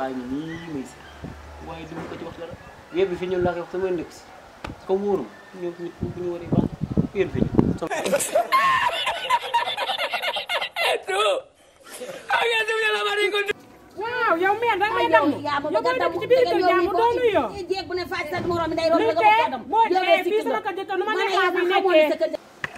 baa ngi nii may si waaye du ma ko ci wax bi fi ñëw laa koy wax sama ndëkk si comme wóorum ñoom ñu waree baax weer bi fi ñëw. waaw yow mère da ngay damm lu koy def ci biir kër jaamu doonu yoo. li tey boo dee fii sama kër jëkkër nu ma neexaat bi nekkee.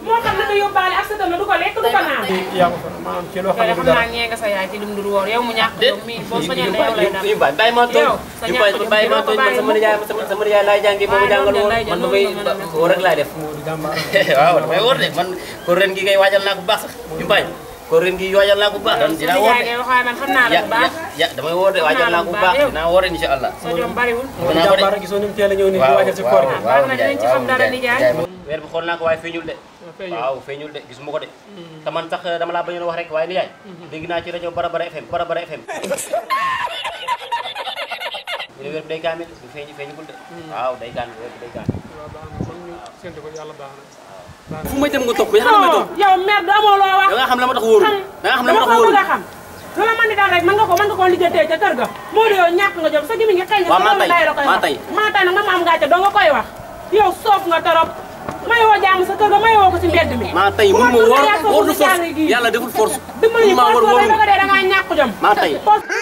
moo xam ne nga yóbbaale ak sa tën du ko lekk du ko naan. yaa ko fa maanaam ci loo xam ne du dara xam naa nga sa yaay ma tooñ bàyyi ma tooñ man sama nijaay sama nijaay laay jàngee damay woor de man ko ren gi ngay waajal naa ko baax sax ñu bàyyi. ko ren gi waajal naa ko bu baax dan dinaa woor ya bu baax dinaa woor incha allah so jom bariwul dinaa woor gisoo ñu a weer bi xool naa ko waaye feeñul de waaw feeñul de gisuma ko de hmm. te man sax dama laa bañoon wax rek waaye ni yaay hmm. dégg naa ci rajo Barabara FM Barabara FM ñu ne wér day gaamil du feeñ feeñugul de hmm. waaw day gaamil wér day gaamil waaw baax na kon ñu séntu ko yàlla baax na fu may dem nga topp yaa xam ne may topp yow mer du amoo loo wax da nga xam la ma tax wóoru da nga xam la ma tax wóoru xam lu la mën di daal rek mën nga ko mën nga koo lijjatee ca kër ga moo di yow ñàkk nga jom sa gimi nga xëy na maa tay maa tay nag ma am gàcce doo nga koy wax yow soof nga torop mayoo jàng sa kër ga mayoo ko ci mbedd mi. maa tey mun ma wóor wóor na force yàlla deful force. dimbali force boobu da nga dee da ngaa ñàkk jom. maa tey.